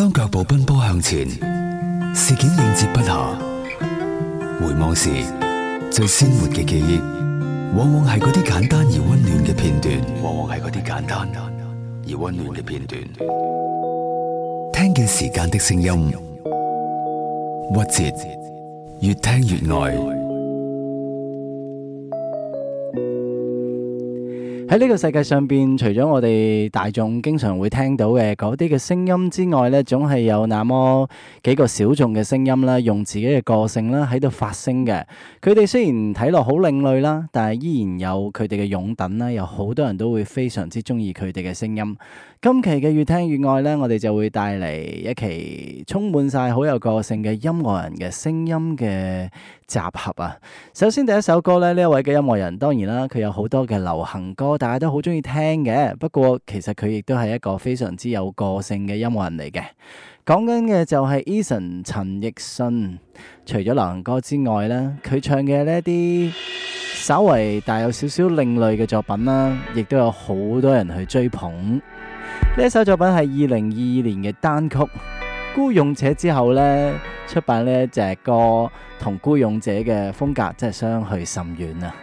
.當腳步奔波向前，事件應接不暇，回望時最鮮活嘅記憶，往往係嗰啲簡單而溫暖嘅片段。往往係嗰啲簡單而溫暖嘅片段。聽見時間的聲音，曲折越聽越愛。喺呢個世界上邊，除咗我哋大眾經常會聽到嘅嗰啲嘅聲音之外咧，總係有那麼幾個小眾嘅聲音啦，用自己嘅個性啦，喺度發聲嘅。佢哋雖然睇落好另類啦，但係依然有佢哋嘅擁躉啦，有好多人都會非常之中意佢哋嘅聲音。今期嘅越聽越愛呢，我哋就會帶嚟一期充滿晒好有個性嘅音樂人嘅聲音嘅集合啊！首先第一首歌呢，呢一位嘅音樂人當然啦，佢有好多嘅流行歌，大家都好中意聽嘅。不過其實佢亦都係一個非常之有個性嘅音樂人嚟嘅。講緊嘅就係 Eason 陳奕迅，除咗流行歌之外呢，佢唱嘅呢啲稍為帶有少少另類嘅作品啦，亦都有好多人去追捧。呢首作品係二零二二年嘅單曲《孤勇者》之後呢，出版呢一隻歌同《孤勇者》嘅風格真係相去甚遠啊！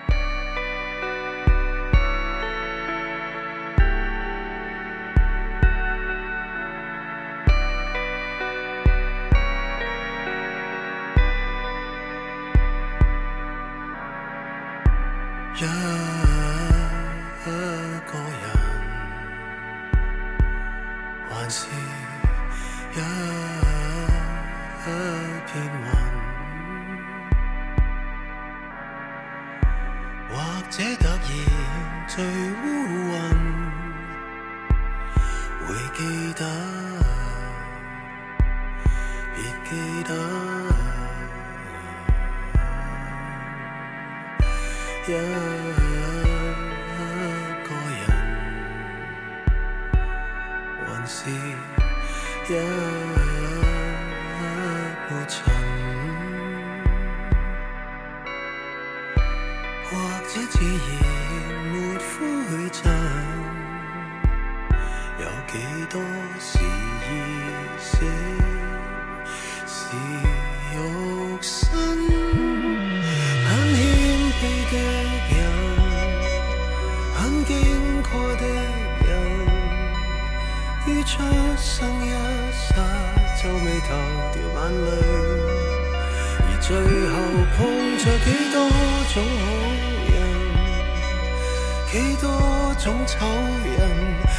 眾醜人，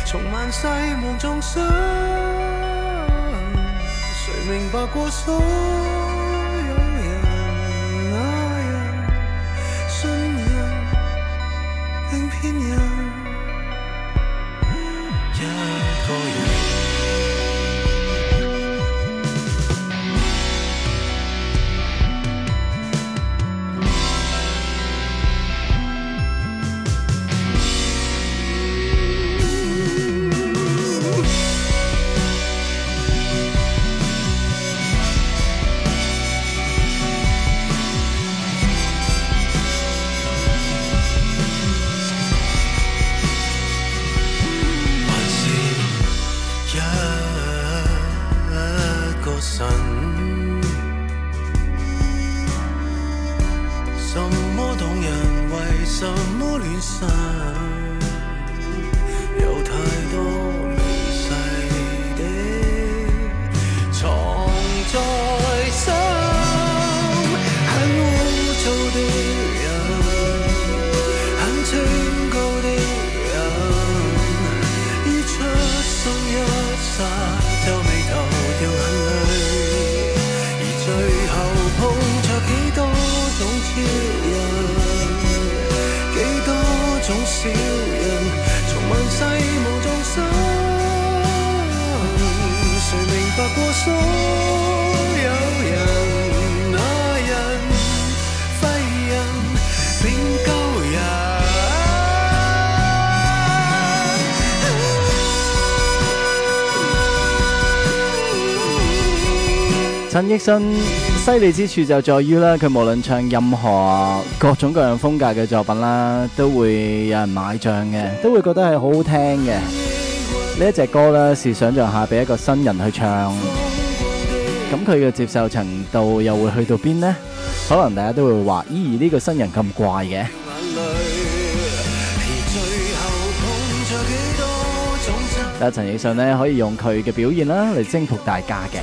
從萬世望眾生，誰明白過數？有人、人、人、人。陳奕迅犀利之處就在於啦，佢無論唱任何各種各樣風格嘅作品啦，都會有人買賬嘅，都會覺得係好好聽嘅。一呢一隻歌啦，是想象下，俾一個新人去唱。咁佢嘅接受程度又會去到邊呢？可能大家都會話：咦、哎，呢、這個新人咁怪嘅。眼淚，你最後痛咗幾多種？阿陳奕迅咧可以用佢嘅表現啦嚟徵服大家嘅。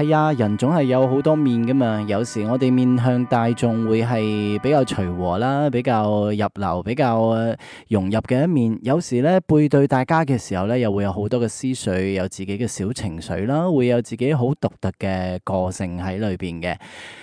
係啊，人總係有好多面噶嘛。有時我哋面向大眾會係比較隨和啦，比較入流、比較融入嘅一面。有時咧背對大家嘅時候咧，又會有好多嘅思緒，有自己嘅小情緒啦，會有自己好獨特嘅個性喺裏邊嘅。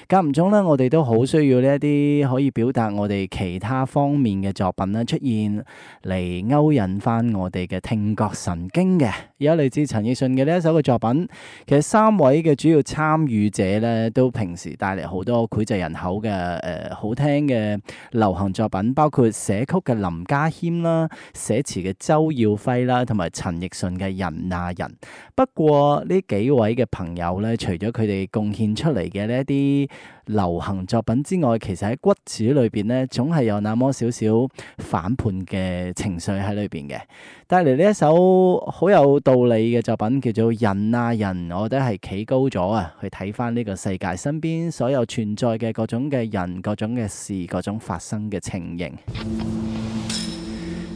間唔中呢，我哋都好需要呢一啲可以表達我哋其他方面嘅作品啦，出現嚟勾引翻我哋嘅聽覺神經嘅。而家嚟自陳奕迅嘅呢一首嘅作品，其實三位嘅主要參與者咧，都平時帶嚟好多膾炙人口嘅誒、呃、好聽嘅流行作品，包括寫曲嘅林家謙啦，寫詞嘅周耀輝啦，同埋陳奕迅嘅人啊人。不過呢幾位嘅朋友咧，除咗佢哋貢獻出嚟嘅呢一啲流行作品之外，其實喺骨子裏邊呢，總係有那麼少少反叛嘅情緒喺裏邊嘅。帶嚟呢一首好有道理嘅作品，叫做《人啊人》，我覺得係企高咗啊，去睇返呢個世界身邊所有存在嘅各種嘅人、各種嘅事、各種發生嘅情形。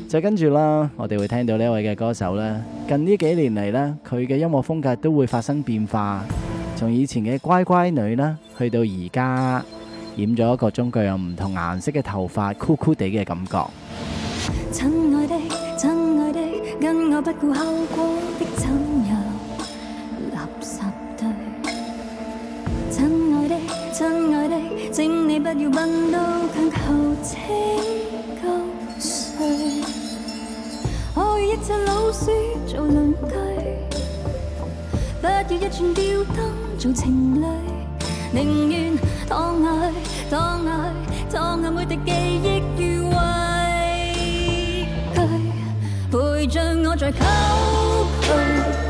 就跟住啦，我哋會聽到呢一位嘅歌手呢，近呢幾年嚟呢，佢嘅音樂風格都會發生變化。從以前嘅乖乖女啦，去到而家染咗各種具有唔同顏色嘅頭髮，酷酷哋嘅感覺。做情侶，寧願躺下去，躺下去，躺下每滴記憶與畏懼，陪着我在溝渠。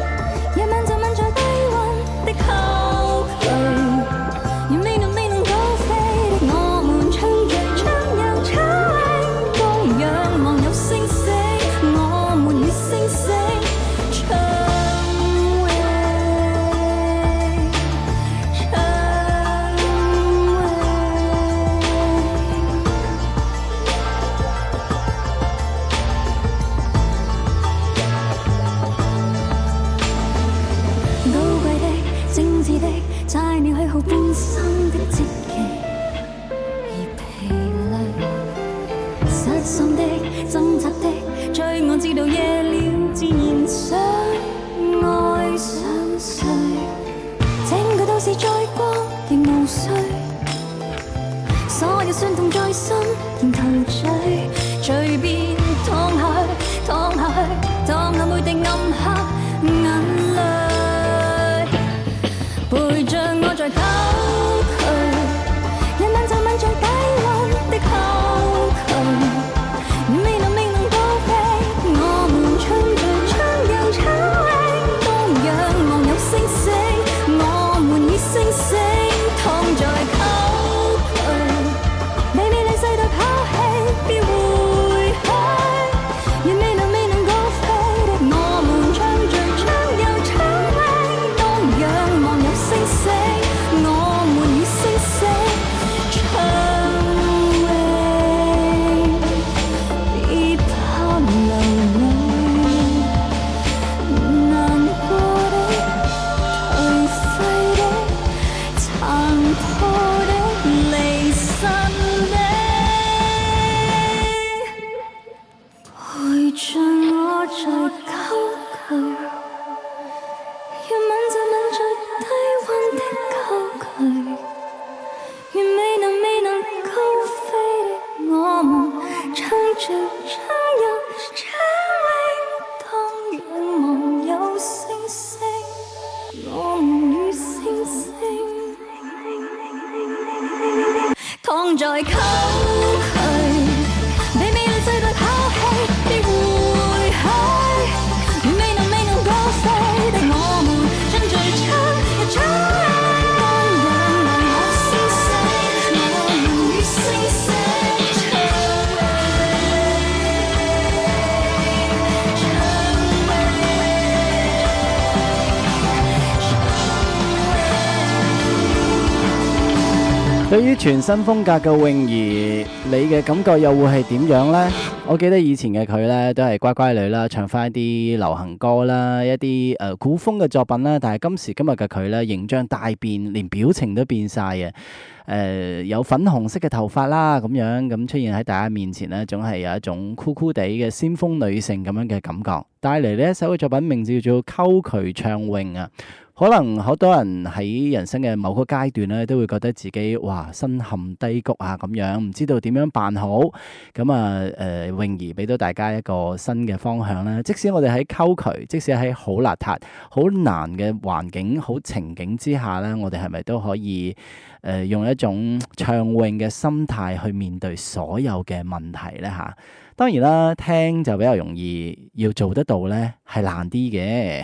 對於全新風格嘅泳兒，你嘅感覺又會係點樣呢？我記得以前嘅佢呢，都係乖乖女啦，唱翻一啲流行歌啦，一啲誒古風嘅作品啦。但係今時今日嘅佢呢，形象大變，連表情都變晒嘅。誒、呃，有粉紅色嘅頭髮啦，咁樣咁出現喺大家面前呢，總係有一種酷酷地嘅先鋒女性咁樣嘅感覺。帶嚟呢一首嘅作品名字叫做《溝渠唱泳》啊。可能好多人喺人生嘅某個階段咧，都會覺得自己哇，身陷低谷啊，咁樣，唔知道點樣辦好。咁啊誒、呃、泳兒俾到大家一個新嘅方向啦，即使我哋喺溝渠，即使喺好邋遢、好難嘅環境、好情景之下咧，我哋係咪都可以誒、呃、用一種暢泳嘅心態去面對所有嘅問題咧？吓，當然啦，聽就比較容易，要做得到咧，係難啲嘅。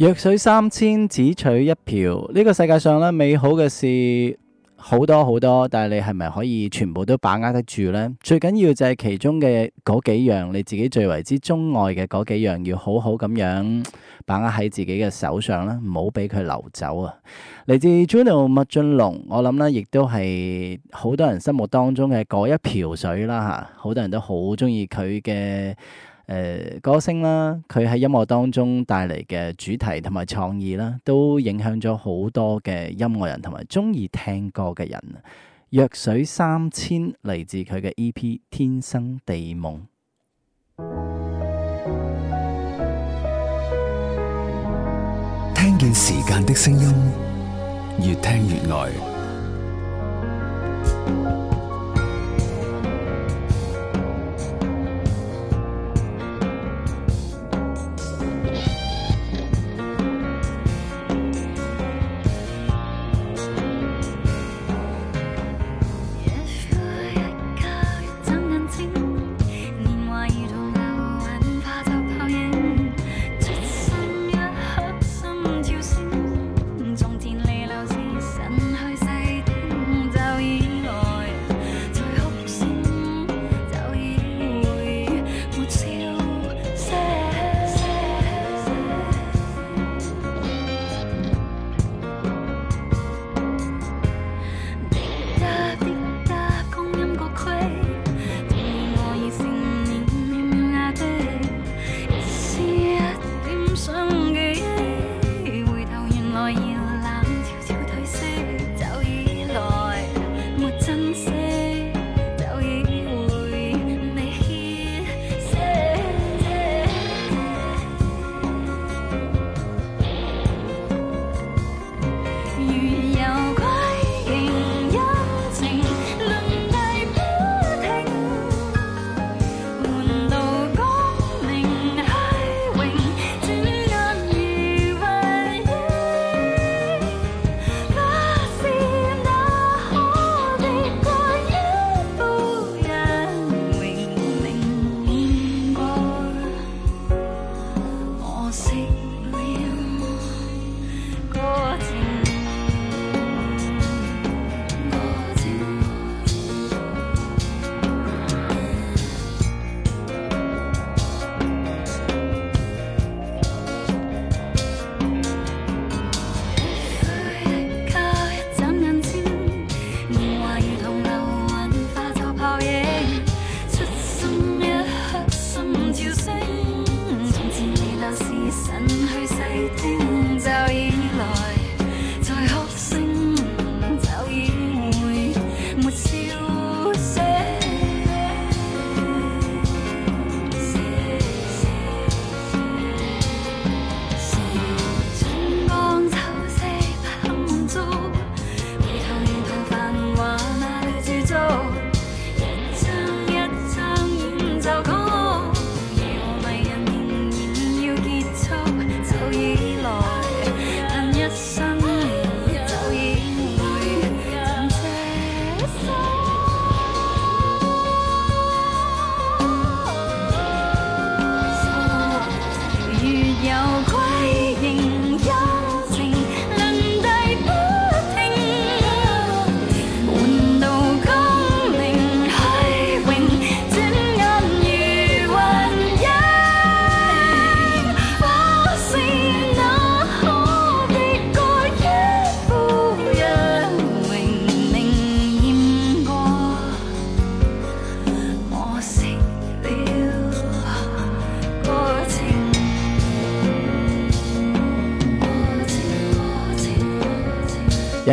弱水三千只取一瓢，呢個世界上咧美好嘅事好多好多，但係你係咪可以全部都把握得住呢？最緊要就係其中嘅嗰幾樣，你自己最為之鐘愛嘅嗰幾樣，要好好咁樣把握喺自己嘅手上啦，唔好俾佢流走啊！嚟自 Juno 麥俊龍，我諗呢亦都係好多人心目當中嘅嗰一瓢水啦吓，好多人都好中意佢嘅。歌星啦，佢喺音樂當中帶嚟嘅主題同埋創意啦，都影響咗好多嘅音樂人同埋中意聽歌嘅人。弱水三千嚟自佢嘅 E.P.《天生地夢》，聽見時間的聲音，越聽越愛。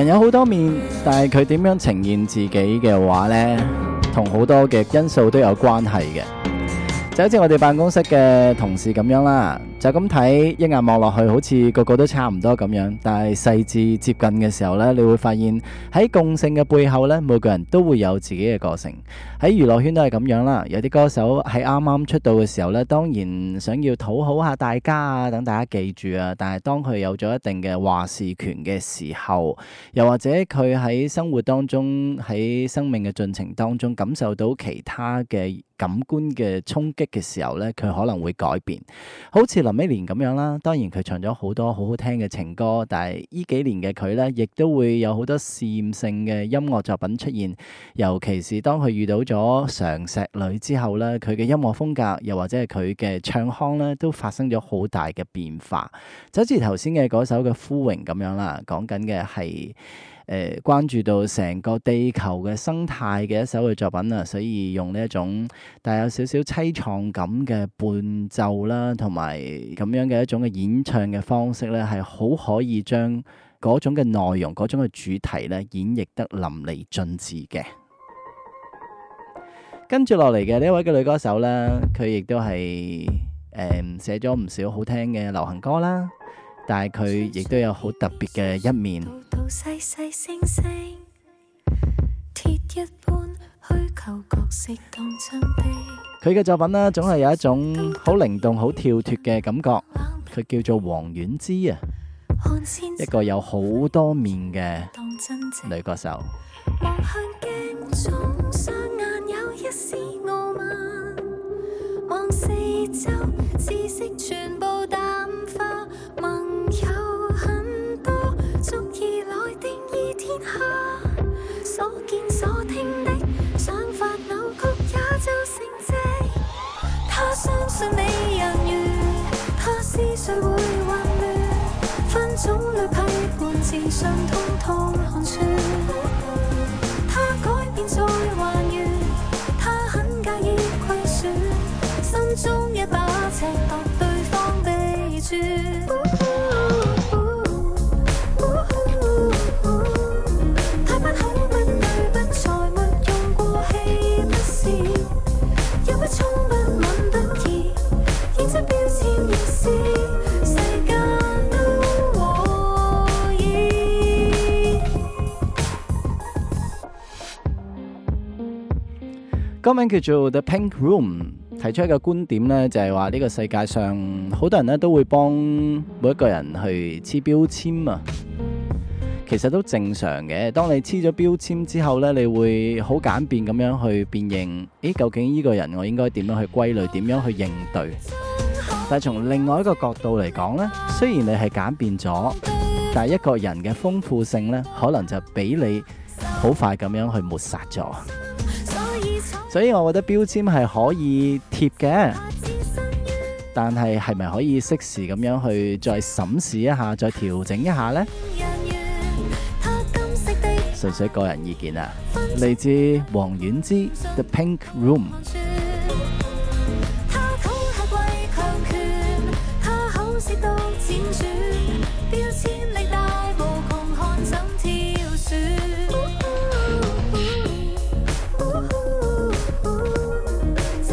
有好多面，但係佢點樣呈現自己嘅話呢？同好多嘅因素都有關係嘅，就好似我哋辦公室嘅同事咁樣啦。就咁睇，一眼望落去，好似個個都差唔多咁樣。但係細致接近嘅時候咧，你會發現喺共性嘅背後咧，每個人都會有自己嘅個性。喺娛樂圈都係咁樣啦。有啲歌手喺啱啱出道嘅時候咧，當然想要討好下大家啊，等大家記住啊。但係當佢有咗一定嘅話事權嘅時候，又或者佢喺生活當中，喺生命嘅進程當中感受到其他嘅感官嘅衝擊嘅時候咧，佢可能會改變。好似林憶蓮咁樣啦，當然佢唱咗好多好好聽嘅情歌，但係呢幾年嘅佢咧，亦都會有好多試驗性嘅音樂作品出現，尤其是當佢遇到咗常石磊之後咧，佢嘅音樂風格又或者係佢嘅唱腔咧，都發生咗好大嘅變化，就好似頭先嘅嗰首嘅《枯榮》咁樣啦，講緊嘅係誒關注到成個地球嘅生態嘅一首嘅作品啊，所以用呢一種帶有少少凄蒼愴感嘅伴奏啦，同埋咁樣嘅一種嘅演唱嘅方式咧，係好可以將嗰種嘅內容、嗰種嘅主題咧，演繹得淋漓盡致嘅。跟住落嚟嘅呢位嘅女歌手咧，佢亦都係誒寫咗唔少好聽嘅流行歌啦。但係佢亦都有好特別嘅一面。佢嘅作品呢，總係有一種好靈動、好跳脱嘅感覺。佢叫做王菀之啊，一個有好多面嘅女歌手。所見所聽的想法扭曲，也就成績。 他相信美人魚，他思緒會混亂，分種類批判智商，通通看穿。 他改變再還原，他很介意虧損，心中一把。歌名叫做《The Pink Room》，提出一個觀點咧，就係話呢個世界上好多人咧都會幫每一個人去黐標籤啊，其實都正常嘅。當你黐咗標籤之後咧，你會好簡便咁樣去辨認，誒，究竟呢個人我應該點樣去歸類，點樣去應對？但係從另外一個角度嚟講咧，雖然你係簡便咗，但係一個人嘅豐富性咧，可能就俾你好快咁樣去抹殺咗。所以，我覺得標籤係可以貼嘅，但係係咪可以適時咁樣去再審視一下、再調整一下呢？純粹 個人意見啊，嚟自黃婉之《The Pink Room》。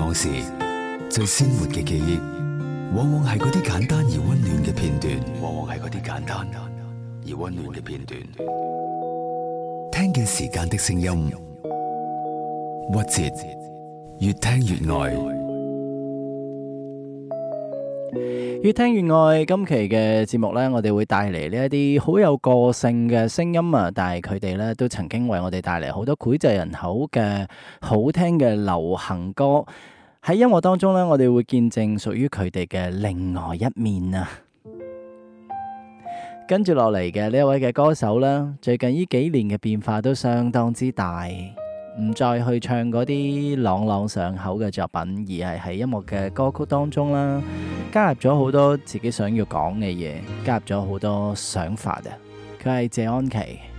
往事最鮮活嘅記憶，往往係嗰啲簡單而溫暖嘅片段。往往係嗰啲簡單而溫暖嘅片段。聽見時間的聲音，曲折，越聽越愛。越聽越愛，今期嘅節目呢，我哋會帶嚟呢一啲好有個性嘅聲音啊。但係佢哋呢，都曾經為我哋帶嚟好多膾炙人口嘅好聽嘅流行歌。喺音樂當中呢，我哋會見證屬於佢哋嘅另外一面啊。 跟住落嚟嘅呢一位嘅歌手呢，最近呢幾年嘅變化都相當之大。唔再去唱嗰啲朗朗上口嘅作品，而係喺音樂嘅歌曲當中啦，加入咗好多自己想要講嘅嘢，加入咗好多想法嘅。佢係謝安琪。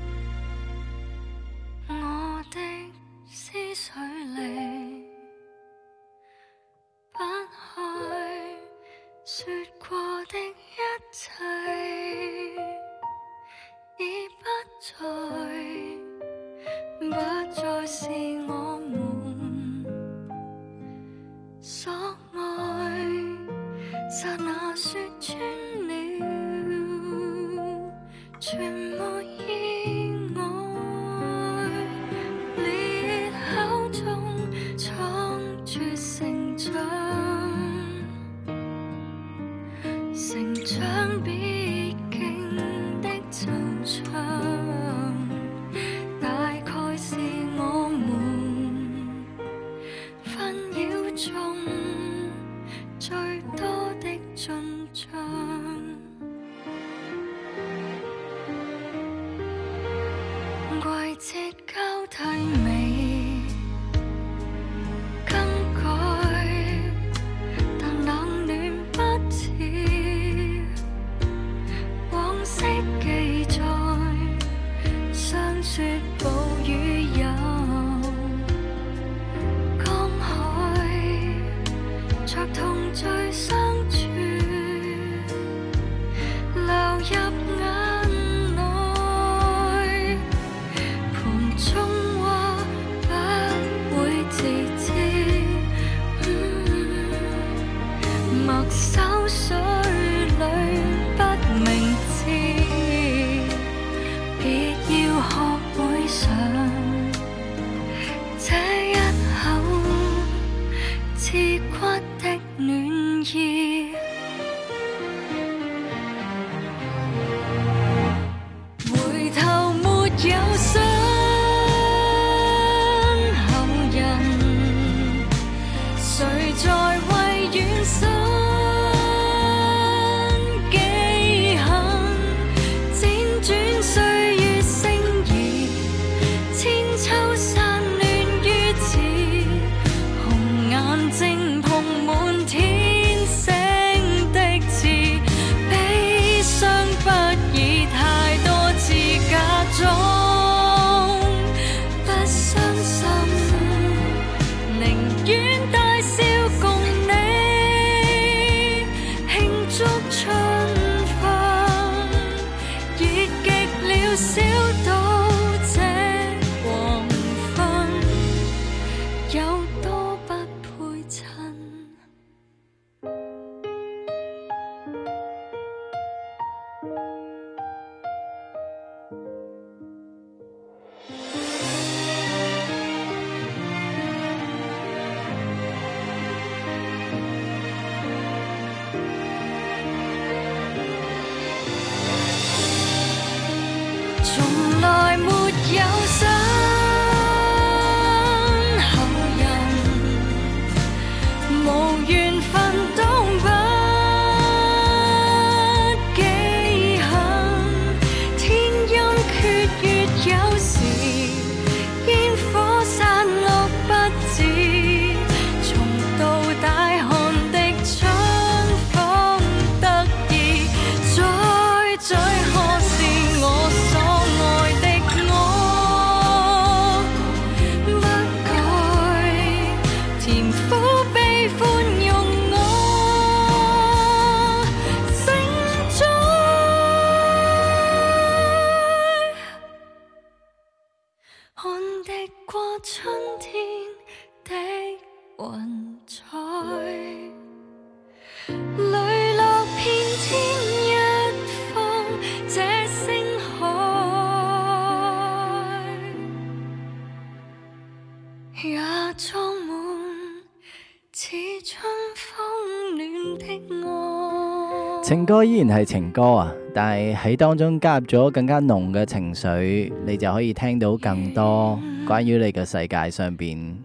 依然係情歌啊，但係喺當中加入咗更加濃嘅情緒，你就可以聽到更多關於你嘅世界上面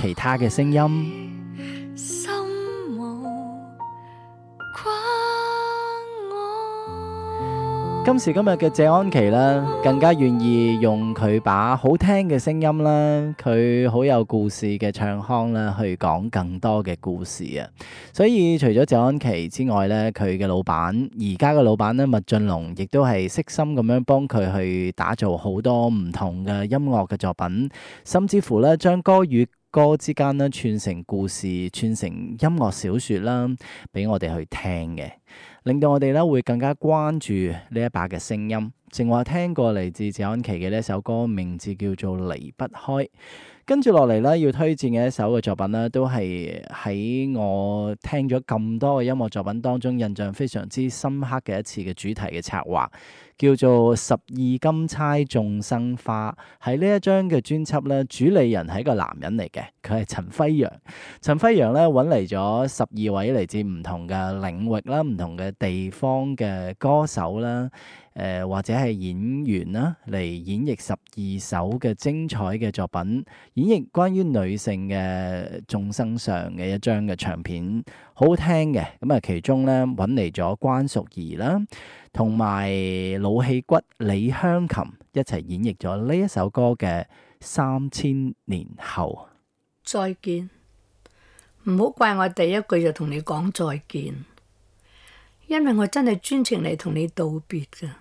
其他嘅聲音。今時今日嘅謝安琪呢，更加願意用佢把好聽嘅聲音啦，佢好有故事嘅唱腔啦，去講更多嘅故事啊！所以除咗謝安琪之外呢，佢嘅老闆，而家嘅老闆呢，麥浚龍亦都係悉心咁樣幫佢去打造好多唔同嘅音樂嘅作品，甚至乎呢，將歌與歌之間呢，串成故事，串成音樂小說啦，俾我哋去聽嘅。令到我哋咧會更加關注呢一把嘅聲音，正話聽過嚟自謝安琪嘅呢首歌，名字叫做《離不開》。跟住落嚟咧，要推薦嘅一首嘅作品咧，都係喺我聽咗咁多嘅音樂作品當中，印象非常之深刻嘅一次嘅主題嘅策劃，叫做《十二金釵眾生花》。喺呢一張嘅專輯咧，主理人係一個男人嚟嘅，佢係陳輝陽。陳輝陽咧揾嚟咗十二位嚟自唔同嘅領域啦、唔同嘅地方嘅歌手啦。誒、呃，或者係演員啦，嚟演繹十二首嘅精彩嘅作品，演繹關於女性嘅眾生上嘅一張嘅唱片，好好聽嘅。咁啊，其中呢，揾嚟咗關淑怡啦，同埋老戲骨李香琴一齊演繹咗呢一首歌嘅《三千年後再見》，唔好怪我第一句就同你講再見，因為我真係專程嚟同你道別噶。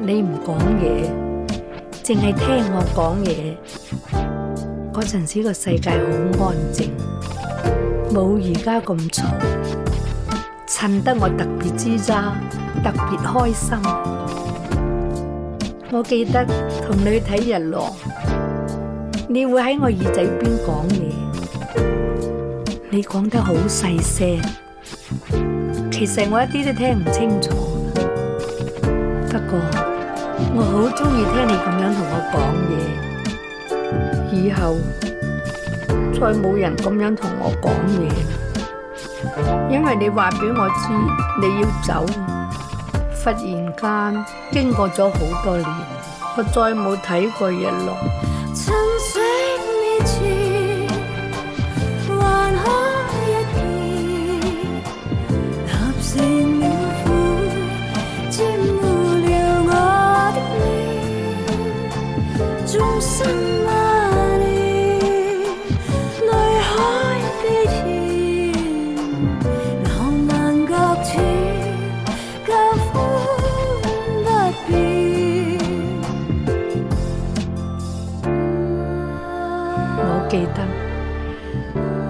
你唔講嘢，淨係聽我講嘢，嗰陣時個世界好安靜，冇而家咁嘈，襯得我特別吱喳，特別開心。我記得同你睇日落，你會喺我耳仔邊講嘢，你講得好細聲，其實我一啲都聽唔清楚，不過。我好中意聽你咁樣同我講嘢，以後再冇人咁樣同我講嘢啦，因為你話俾我知你要走，忽然間經過咗好多年，我再冇睇過日落。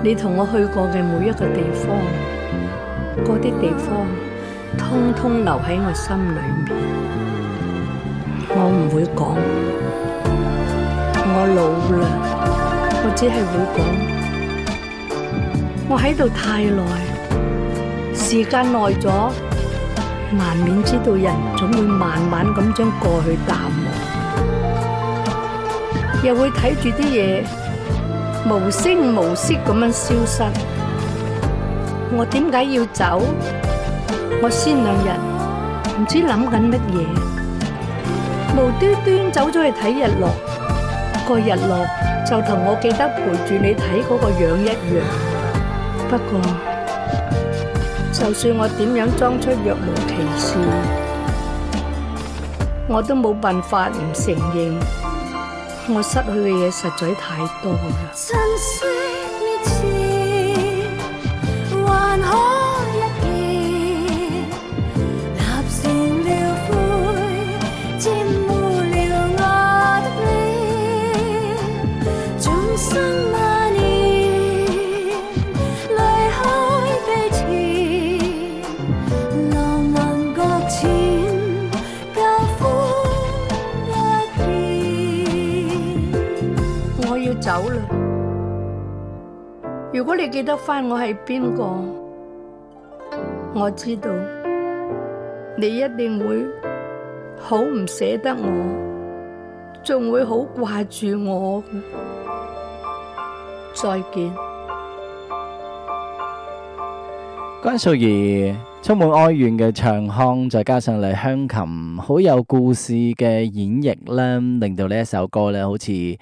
你同我去過嘅每一個地方，嗰啲地方通通留喺我心裏面。我唔會講，我老啦，我只係會講，我喺度太耐，時間耐咗，難免知道人總會慢慢咁將過去淡忘，又會睇住啲嘢，無聲無息咁樣消失，我點解要走？我先兩日唔知諗緊乜嘢，無端端走咗去睇日落，個日落就同我記得陪住你睇嗰個樣一樣。不過，就算我點樣裝出若無其事，我都冇辦法唔承認。我失去嘅嘢實在太多啦。如果你記得返我係邊個，我知道你一定會好唔捨得我，仲會好掛住我。再見。關淑怡充滿哀怨嘅唱腔，再加上嚟香琴好有故事嘅演繹呢，令到呢一首歌呢好似，睇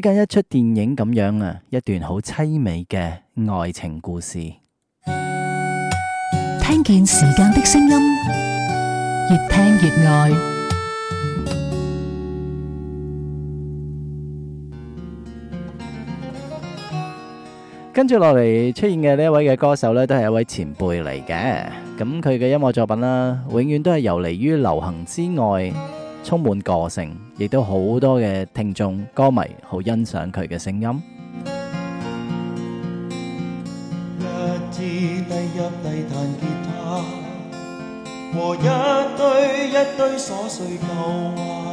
緊一出電影咁樣，一段好淒美嘅愛情故事。聽見時間嘅聲音，越聽越愛。跟住落嚟出現嘅呢一位嘅歌手咧，都係一位前輩嚟嘅。咁佢嘅音樂作品啦，永遠都係遊離於流行之外，充滿個性，亦都好多嘅聽眾歌迷好欣賞佢嘅聲音。一枝低泣低彈吉他，和一堆一堆瑣碎舊話，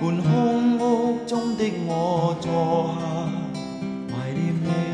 伴空屋中的我坐下，懷念你。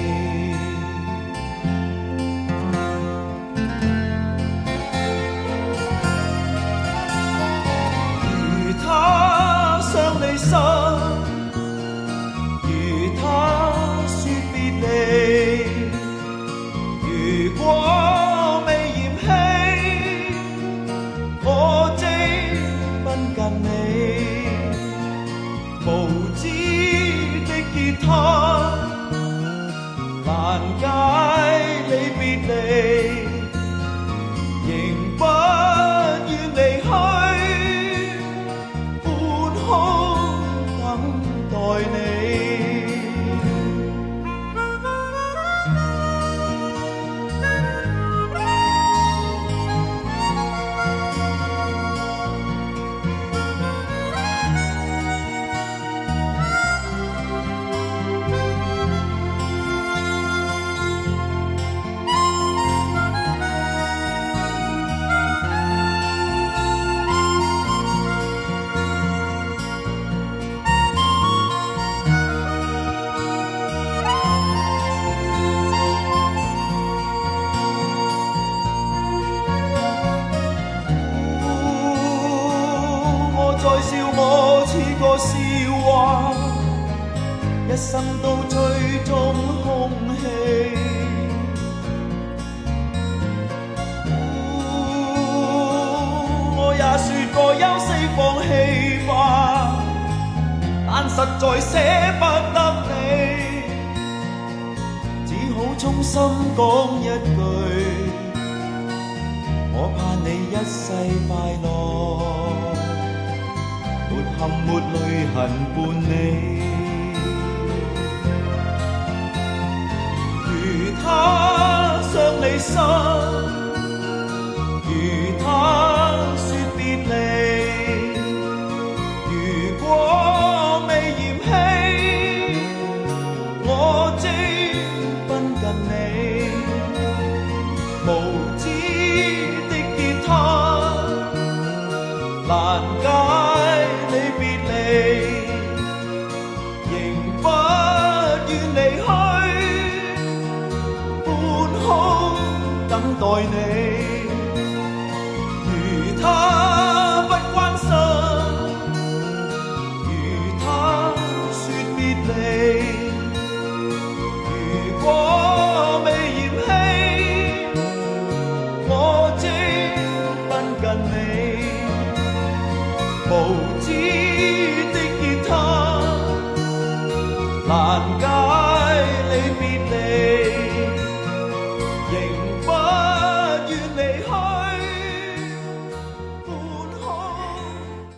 心如他説別離，如果未嫌棄，我即不近你。無知的結他，難解你別離。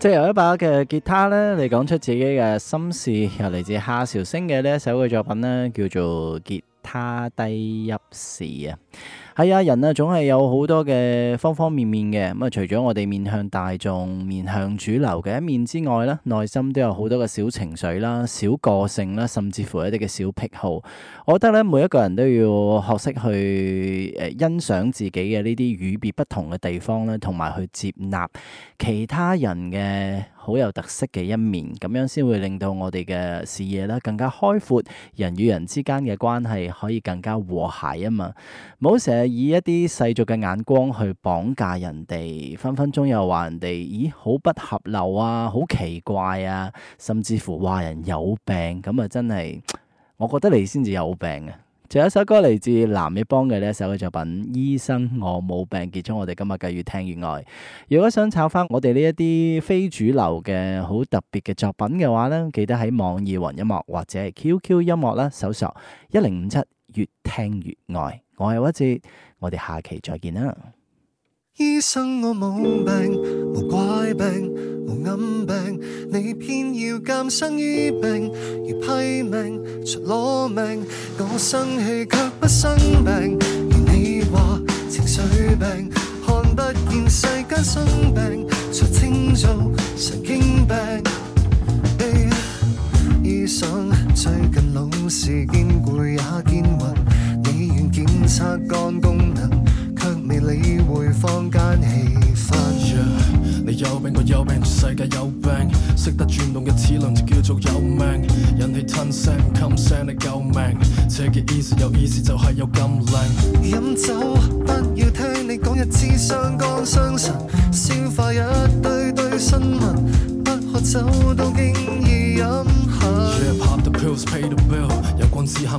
即係由一把嘅吉他呢，嚟講出自己嘅心事，由嚟自夏韶聲嘅呢一首嘅作品呢，叫做《吉他低泣時》。係啊，人啊總係有好多嘅方方面面嘅，咁啊除咗我哋面向大眾，面向主流嘅一面之外咧，內心都有好多嘅小情緒啦、小個性啦，甚至乎一啲嘅小癖好。我覺得咧，每一個人都要學識去誒欣賞自己嘅呢啲與別不同嘅地方咧，同埋去接納其他人嘅好有特色嘅一面，咁樣先會令到我哋嘅視野咧更加開闊，人與人之間嘅關係可以更加和諧啊嘛。唔以一啲世俗嘅眼光去綁架人哋，分分鐘又話人哋，咦，好不合流啊，好奇怪啊，甚至乎話人有病咁啊，真係，我覺得你先至有病啊！仲有一首歌嚟自南一邦嘅呢首嘅作品《醫生，我冇病》，結束我哋今日嘅越聽越愛。如果想炒翻我哋呢一啲非主流嘅好特別嘅作品嘅話呢，記得喺網易雲音樂或者係 QQ 音樂啦，搜索一零五七越聽越愛。我係韋志，我哋下期再見啦。醫生，我冇病，無怪病，無暗病，你偏要鑒生醫病，如批命，除攞命，我生氣卻不生病。如你話情緒病，看不見世間生病，除清早神經病。欸、醫生最近老是見攰，也見暈。擦乾功能，卻未理會坊間氣氛。Yeah, 你有病，我有病，全世界有病。識得轉動嘅齒輪就叫做有命。引氣吞聲，冚聲你救命。扯嘅意思有意思就係有咁靚。飲酒，不要聽你講日知相干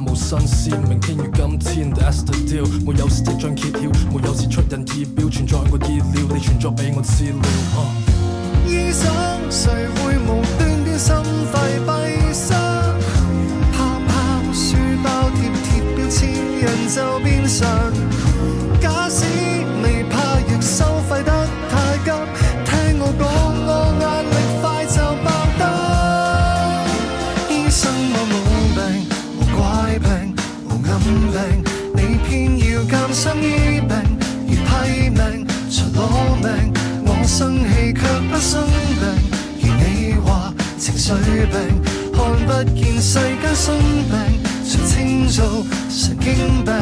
無新鮮，明天與今天，That's the deal。沒有事即將揭曉，沒有事出人意表，存在過意料，你存在俾我知了。Uh. 醫生，誰會無端端心肺閉塞？拍拍書包貼貼標籤，貼貼人就變相。生病，如你話情緒病，看不見世間生病，誰清楚神經病。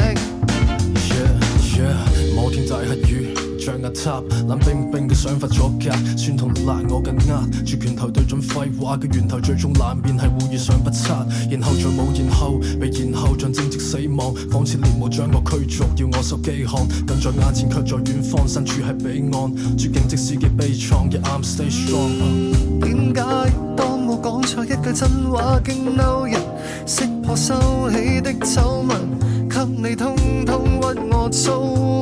Yeah, yeah, 某天就係黑雨。像牙、啊、冷冰冰嘅想法作梗，酸同辣我緊握住拳頭對準廢話嘅源頭，最終難免係會遇上不測。然後再冇，然後，被，然後像正直死亡，仿似連無將我驅逐，要我受饑餓，近在眼前卻在遠方，身處喺彼岸。絕境即使嘅悲創、yeah,，I'm stay strong。點解當我講錯一句真話驚，竟嬲人識破收起的醜聞，給你通通屈我粗？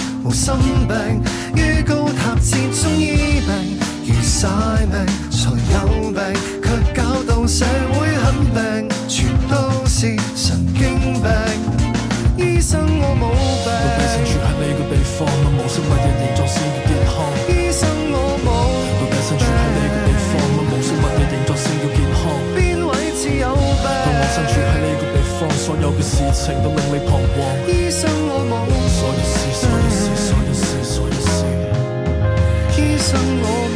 無心病，於高塔之中醫病，如晒命才有病，卻搞到社會很病，全都是神經病。醫生我冇病。到底身處喺呢個地方，我無，無心問你定作先叫健康。醫生我冇。到底身處喺呢個地方，我無，無心問你定作先叫健康。邊位似有病？到我身處喺呢個地方，所有嘅事情都令你彷徨。醫生我冇。生我。